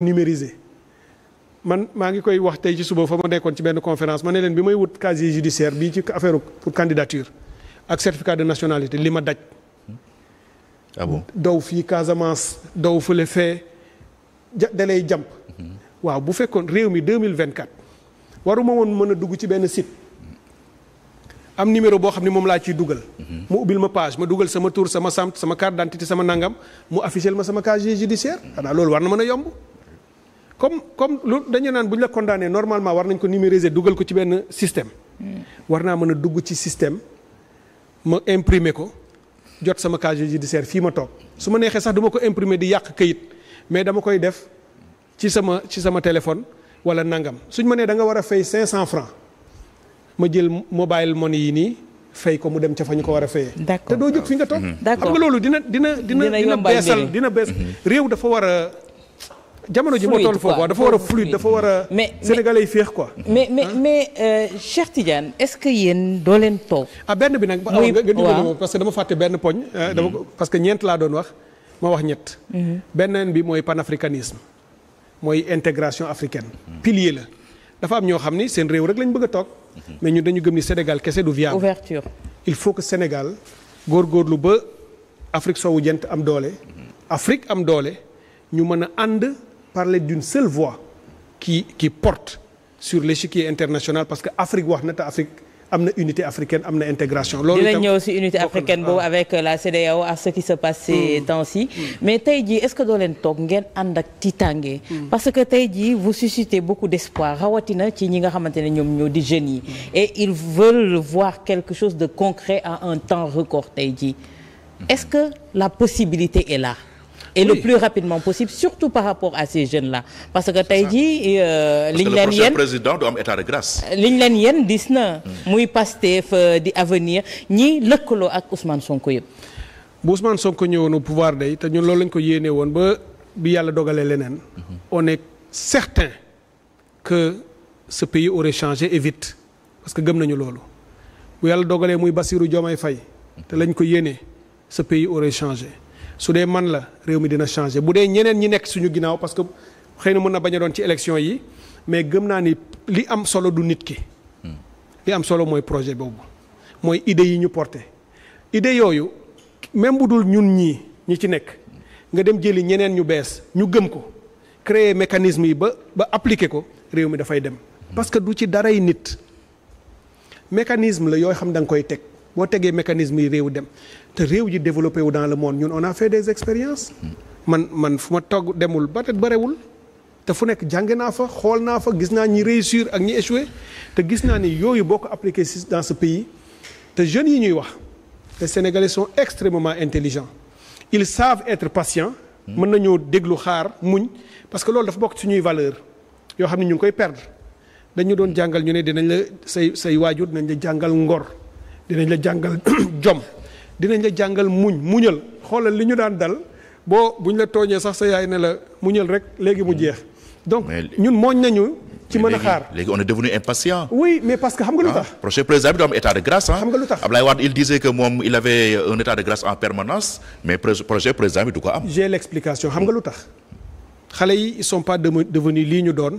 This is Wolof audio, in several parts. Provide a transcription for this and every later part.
numérisé man maa ngi koy wax tey ci suba fa ma nekkoon ci benn conférence ma ne leen bi may wut casier judiciaire bi ci affaire pour candidature ak certificat de nationalité li ma daj. ah bon daw fii Casamance daw fële fee ja da lay jàmp. Mhm. waaw bu fekkoon réew mi 2024 waruma woon mën a dugg ci benn site am numéro boo xam ne moom laa ciy dugal. Mhm. mu ubbil ma page ma dugal sama tur sama sant sama carte d'identité sama nangam mu affiché ma sama casier judiciaire mhm. xanaa loolu war na mën a yomb. comme comme lu dañu naan bu ñu la condamné normalement war nañ ko numériser dugal ko ci benn système. Hmm. war naa mën a dugg ci système ma imprimer ko jot sama casier judiciaire fii ma toog su ma neexee sax duma ko imprimer di yàq kayit mais dama koy def ci sama ci sama téléphone wala nangam suñ ma nee danga war a fay cent francs ma jël mobile money yi nii. fey ko mu dem ca fa ñu ko war a fayee. te doo jóg fi nga toog. xam nga loolu dina dina dina dina beesal dina bees hmm. réew dafa war jamono ji moo toll foofu dafa war a fluide dafa war a. mais sénégalais yi féex quoi. mais mais mais euh, Cheikh est-ce que yéen doo leen toog. ah benn bi nag. muy waaw parce que dama fàtte benn poñ. Euh, dama mm-hmm. parce que ñeent laa doon wax ma wax ñett. Mm-hmm. beneen bi mooy panafricanisme mooy intégration africaine. Mm-hmm. pilier la dafa am ñoo xam ni seen réew rek lañ bëgg a toog. mais ñu dañu gëm ni Sénégal kese du viable. ouverture il faut que Sénégal góorgóorlu ba Afrique soowu jant am doole. Afrique am doole ñu mën a ànd. parler d'une seule voix qui qui porte sur l'échiquier international parce que Afrique wax na te Afrique am na unité africaine am na intégration. loolu itam dinañ unité africaine boobu ah. avec euh, la CEDEAO ak ce qui se passe ces hmm. temps-ci. Hmm. mais tey jii est-ce que doo leen toog ngeen ànd ak tiitange. Hmm. parce que tey ji vous suscitez beaucoup d'espoir rawatina ci ñi nga xamante ne ñoom ñoo di jeunes yi. et ils veulent voir quelque chose de concret à un temps record tey jii est-ce que la possibilité est là. et oui. le plus rapidement possible surtout par rapport à ces jeunes là parce que tey jii euh, liñ leen yéen président du am état de grâce liñ leen yéen dis na hmm. muy Pastef euh, di avenir ñi lëkkaloo ak Ousmane Sonko yëpp bu Ousmane ko ñëwoon au pouvoir day te ñun loolu lañ ko yéenee woon ba bi yàlla dogalee leneen hmm. on est certain que ce pays aurait changé et vite parce que gëm nañu loolu bu yàlla dogalee muy basiru Diomaye fay te lañ ko yéene ce pays aurait changé su dee man la réew mi dina changer bu dee ñeneen ñi nekk suñu ginnaaw parce que xëy na mën na bañ doon ci élection yi mais gëm naa ni li am solo du nit ki. li am solo mooy projet boobu mooy idée yi ñu porté idée yooyu même bu dul ñun ñii ñi ci nekk nga dem jëli ñeneen ñu bees ñu gëm ko créer mécanisme yi ba ba appliquer ko réew mi dafay dem. parce que du ci daray nit mécanisme la yoo xam da nga koy teg. boo tegee mécanisme yi réew dem te réew yi développé wu dans le monde ñun on a fait des expériences man man fu ma togg demul ba tey barewul te fu nekk jànge naa fa xool naa fa gis naa ñi réussir ak ñi échoué te gis naa ni yooyu boo ko appliqué si dans ce pays te jeunes yi ñuy wax les Sénégalais sont extrêmement intelligents ils savent être patients. mën nañoo déglu xaar muñ parce que loolu dafa bokk suñuy valeur yoo xam ne ñu ngi koy perdre dañu doon jàngal ñu ne dinañ la say say waajur dinañ la jàngal ngor dinañ la jàngal jom dinañ la jàngal muñ muñal xoolal li ñu daan dal boo bu buñ la tooñee sax sa yaay ne la muñal rek léegi mu mm. jeex donc ñun mooñ nañu ci mën a xaar léegi on est devenu impatient. oui mais parce que xam nga lu ah, tax. prochain président bi doo am état de grâce ah. xam moom il avait un état de grâce mais projet président bi du ko am. j'ai l'explication xam nga lu tax xale yi ils sont pas devenus lii ñu doon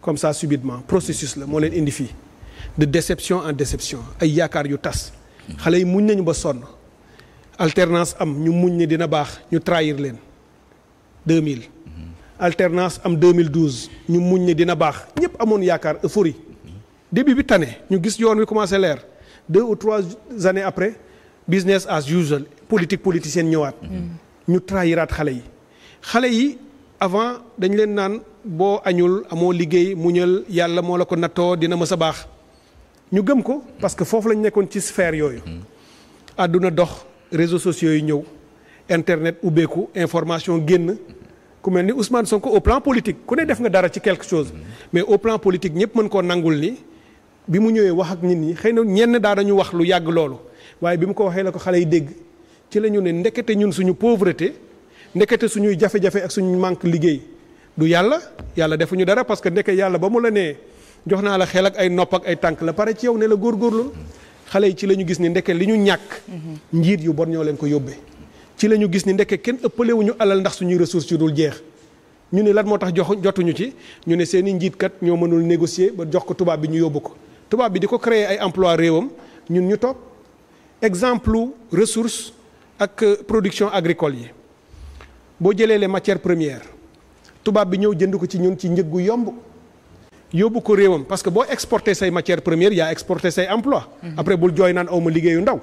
comme ça subitement processus la moo leen indi fii. de déception en déception ay yaakaar yu tas xale yi muñ nañu ba sonn alternance am ñu muñ ni dina baax ñu trahir leen 2000 alternance am 2012 ñu muñ ni dina baax ñëpp amoon yaakaar euphorie début bi tane ñu gis yoon wi commencé leer deux trois années après business as usual politique politicienne ñëwaat ñu trahiraat xale yi xale yi avant dañ leen naan boo añul amoo liggéey muñal yàlla moo la ko nattoo dina mës a baax ñu gëm ko parce que foofu lañ nekkoon ci sphère yooyu. àdduna dox réseau sociaux yi ñëw internet ubbeeku information génn ku mel ni Ousmane Sonko au plan politique ku ne def nga dara ci quelque chose mais au plan politique ñëpp mën koo nangul ni bi mu ñëwee wax ak nit ñi xëy na ñenn daa dañu wax lu yàgg loolu waaye bi mu ko waxee la ko xale yi dégg ci la ñu ne ndekete ñun suñu pauvreté ndekete suñuy jafe-jafe ak suñu manque liggéey du yàlla yàlla defuñu dara parce que ndeke yàlla ba mu la nee. jox naa la xel ak ay nopp ak ay tànk la pare ci yow ne la góorgóorlu xale yi ci la ñu gis ni ndeke li ñu ñàkk njiit yu bon ñoo leen ko yóbbee ci la ñu gis ni ndeke kenn ëppalewuñu alal ndax suñuy ressources yu dul jeex ñu ni lan moo tax jox jotuñu ci ñu ne seeni i njiit kat ñoo mënul négocier ba jox ko tubaab bi ñu yóbbu ko tubaab bi di ko créer ay emploi réewam ñun ñu toog exemple resource ak euh, production agricole yi boo jëlee lee matière première tubaab bi ñëw jënd ko ci ñun ci njëg gu yomb yóbbu ko réewam parce que boo exporté say matière première yaa exporté say emploi après bul jooy naan aw ma liggéeyu ndaw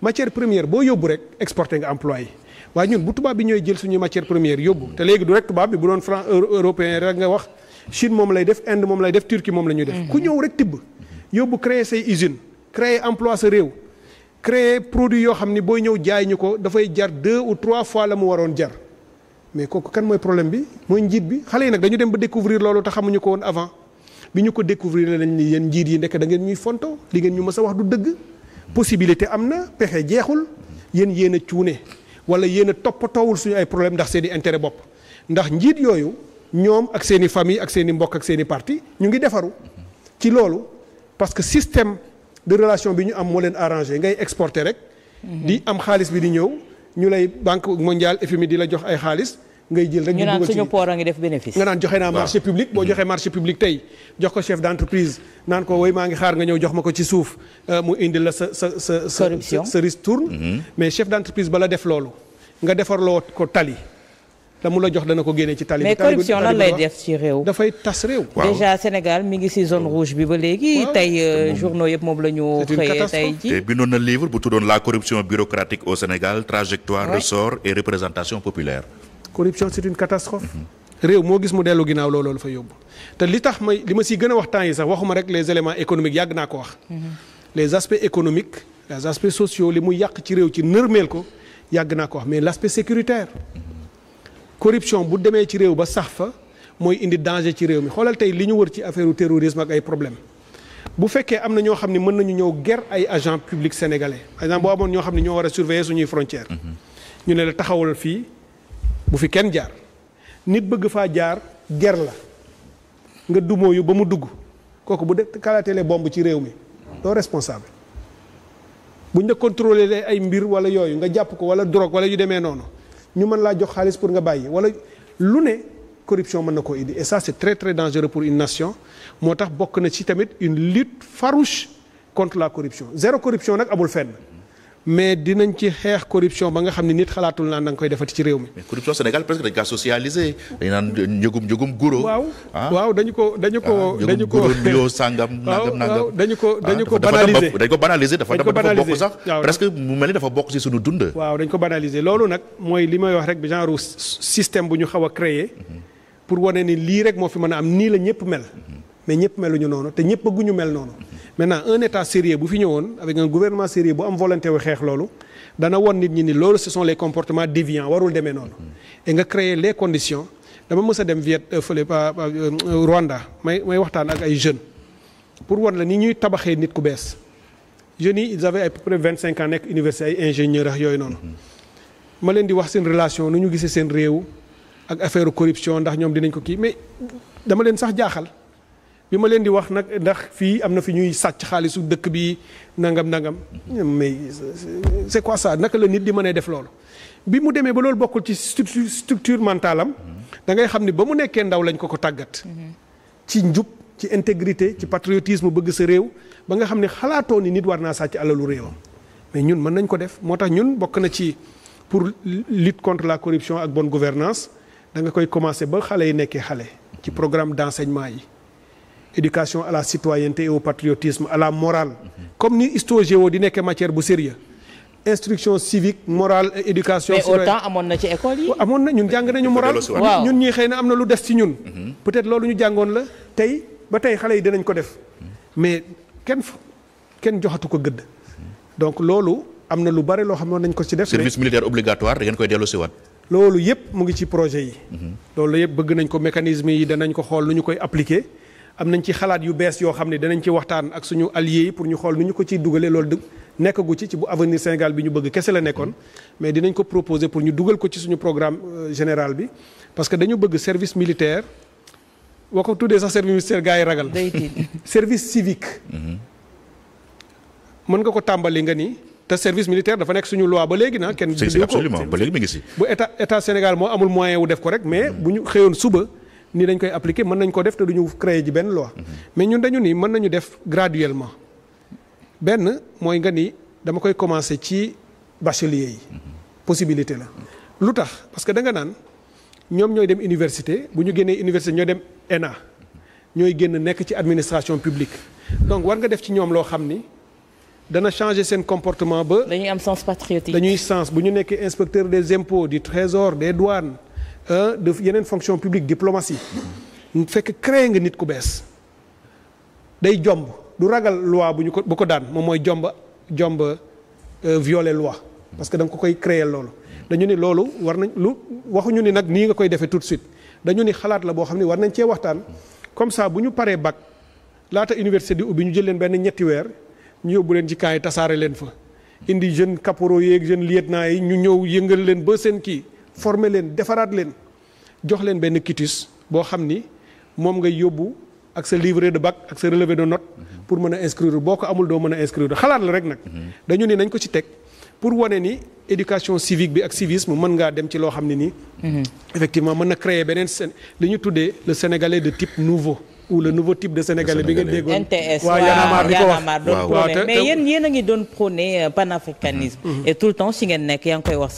matière première boo yóbbu rek exporté nga emploi yi waaye ñun bu tubaab bi ñooy jël suñu matière première yóbbu te léegi du rek tubaab bi bu doon franc européen rek nga wax Chine moom lay def Inde moom lay def Turquie moom la ñuy def ku ñëw rek tibb yóbbu créer say usine créer emploi sa réew créer produit yoo xam ni booy ñëw jaay ko dafay jar deux ou trois fois la mu waroon jar mais kooku kan mooy problème bi mooy njiit bi xale yi nag dañu dem ba découvrir loolu te xamuñu ko woon avant bi ñu ko découvrir lañ ni yéen njiit yi nekk da ngeen ñuy fonto li ngeen ñu mës a wax du dëgg possibilité am na pexe jeexul yéen yéen a cuune wala yéen a toppatoowul suñu ay problème ndax seen i intérêt bopp ndax njiit yooyu ñoom ak seen i famille ak seen i mbokk ak seeni partie ñu ngi defaru ci loolu parce que système de relation bi ñu am moo leen arrangé ngay exporter rek di am xaalis bi di ñëw ñu lay banque mondiale FMI di la jox ay xaalis ngay jël rek. ñu naan suñu port a ngi def bénéfice. nga naan joxe naa marché public boo mm-hmm. joxee marché public tey jox ko chef d' entreprise naan ko woy maa ngi xaar nga ñëw jox ma ko ci suuf euh, mu indi la sa sa sa sa. corruption sa mm-hmm. mais chef d' entreprise bala def loolu nga defarloo ko tali. la mu la jox dana ko génne ci tali mais corruption lan lay def ci réew. dafay tas réew. déjà Sénégal mi ngi si zone rouge bi ba léegi. tey euh, journaux yëpp moom la ñu. xëyee tey ji te bindoon na livre bu tuddoon la corruption bureaucratique au Sénégal trajectoire ressort et représentation populaire. corruption c'est une catastrophe. réew moo gis mu dellu ginnaaw looloo la fa yóbbu te li tax may li ma si gën a wax temps yi sax waxuma rek les éléments économiques yàgg naa ko wax. les aspects économiques les aspects sociaux li mu yàq ci réew ci nërmeel ko yàgg naa ko wax mais l' aspect sécuritaire. corruption bu demee ci réew ba sax fa mooy indi danger ci réew mi xoolal tey li ñu wër ci affaire terrorisme ak ay problème bu fekkee am na ñoo xam ne mën nañu ñëw ger ay agent public sénégalais par boo amoon ñoo xam ne ñoo war a surveiller suñuy frontières. Mm-hmm. ñu ne la taxawal fii. bu fi kenn jaar nit bëgg faa jaar ger la nga dumóoyu ba mu dugg kooku bu dee kalaatele bomb ci réew mi doo responsable buñ la contrôler lee ay mbir wala yooyu nga jàpp ko wala drogue wala yu demee noonu ñu mën laa jox xaalis pour nga bàyyi wala lu ne corruption mën na koo indi et ça c'est très très dangereux pour une nation moo tax bokk na ci tamit une lutte farouche contre la corruption zéro corruption nag amul fenn mais dinañ ci xeex corruption ba nga xam ne nit xalaatul naa da koy defati ci réew mi. mais corruption Sénégal presque dañ naan njëgum njëgum guro. waaw ah. waaw dañu ko dañu ko ah, dañu ko njëgum guro sangam. nangam nangam ko dañu ko banalisé ah, dañ ko banalisé dafa dafa bokk sax. presque mu mel ni dafa bokk si suñu dund. waaw dañ ko banalisé loolu nag mooy li may wax rek bi genre système bu ñu xaw a créé. pour wane ni lii rek moo fi mën a am nii la ñëpp mel. Mhm. mais ñëpp meluñu noonu te ñëpp bëgguñu mel noonu. maintenant un état sérieux bu fi ñëwoon avec un gouvernement sérieux bu am volonté xeex loolu dana won nit ñi ni loolu ce sont les comportements déviants warul demee noonu nga créer les conditions dama mës a dem Viet euh, fële euh, Rwanda may may waxtaan ak ay jeunes pour wan la ni ñuy tabaxee nit ku bees jeunes yi ils avaient à peu vingt cinq ans nekk université ay ingénieurs ak yooyu noonu ma leen di wax seen relation nu ñu gisee seen réew ak affaire corruption ndax ñoom dinañ ko kii mais dama leen sax jaaxal bi ma leen di wax nag ndax fii am na fi ñuy sàcc xaalisu dëkk bi nangam nangam mais c'est quoi ça naka la nit di mënee def loolu. bi mu demee ba loolu bokkul ci structure structure mentale am da xam ni ba mu nekkee ndaw lañ ko ko tàggat. ci njub ci intégrité ci patriotisme bëgg sa réew ba nga xam ne xalaatoo ni nit war naa sàcc alalu réewam mais ñun mën nañ ko def moo tax ñun bokk na ci pour lutte contre la corruption ak bonne gouvernance da nga koy commencer ba xale yi nekkee xale. ci programme d'enseignement yi. éducation à la citoyenneté et au patriotisme à morale comme ni histo-géo di nekkee matière bu sérieux instruction civique morale et éducation. mais amoon na ci amoon na ñun jàng nañu morale ñun ñii xëy na am na lu des ci ñun. Mhm. peut-être loolu ñu jàngoon la tey ba tey xale yi dinañ ko def mhm. mais kenn kenn joxatu ko gëdd. Mhm. donc loolu am na lu bare loo xamoon nañ ko ci def. service militaire obligatoire da ngeen koy delloosiwaat. loolu yëpp mu ngi ci projet yi. loolu yëpp bëgg nañ ko mécanisme yi danañ ko xool lu ñu koy appliquer. am nañ ci xalaat yu bees yoo xam ne danañ ci waxtaan ak suñu alliés yi pour ñu xool nu ñu ko ciy dugalee loolu dëgg nekkagu ci ci bu avenir Sénégal bi ñu bëgg kese la nekkoon mais dinañ ko proposer pour ñu dugal ko ci suñu programme euh, général bi parce que dañu bëgg service militaire boo ko tuddee sax service militaire gars yi ragal. service civique. Mm-hmm. mën nga ko tàmbali nga ni. te service militaire dafa nekk suñu loi ba léegi na kenn. si si absolument ba bu état état Sénégal moo amul moyen wu def ko rek mais mm-hmm. bu ñu xëyoon suba. ni dañ koy appliquer mën nañ ko def te du ñu créer ji benn loi mhm. mais ñun dañu ni mën nañu def graduellement benn mooy nga ni dama koy commencer ci bachelier yi mhm. possibilité la lu tax parce que da nga naan ñoom ñooy dem université bu ñu génnee université ñooy dem ENA ñooy génn nekk ci administration publique donc war nga def ci ñoom loo xam ni dana changer seen comportement ba. dañuy am sens patriotique. dañuy bu ñu nekkee inspecteur des impôts du trésor des douanes. Euh, def yeneen fonction publique diplomatie fekk créé nga nit ku bees day jomb du ragal loi bu ñu ko bu ko daan moom mooy jomba jomba euh, violer loi parce que da ko koy créer loolu dañu ni loolu war nañ lu waxuñu ni nag nii nga koy defee tout de suite dañu ni xalaat la boo xam ne war nañ cee waxtaan comme ça bu ñu paree bac laata université di ubbi ñu jël leen benn ñetti weer ñu yóbbu leen ci yi tasaare leen fa indi jeune caporaux yeeg jeune lieutenant yi ñu ñëw yëngal leen ba seen kii forme leen defaraat leen jox leen benn quitus boo xam ni moom nga yóbbu ak sa livret de bac ak sa relevé de note pour mën a inscrire boo ko amul doo mën a inscrire xalaat la rek nag. dañu ni nañ ko ci teg pour wane ni éducation civique bi ak civisme mën ngaa dem ci loo xam ne nii. effectivement mën na créer beneen seen li ñu tuddee le sénégalais de type nouveau. ou le nouveau type de sénégalais bi nga déggoon NTS waaw Y'en a marre doon prôné mais yéen yéen a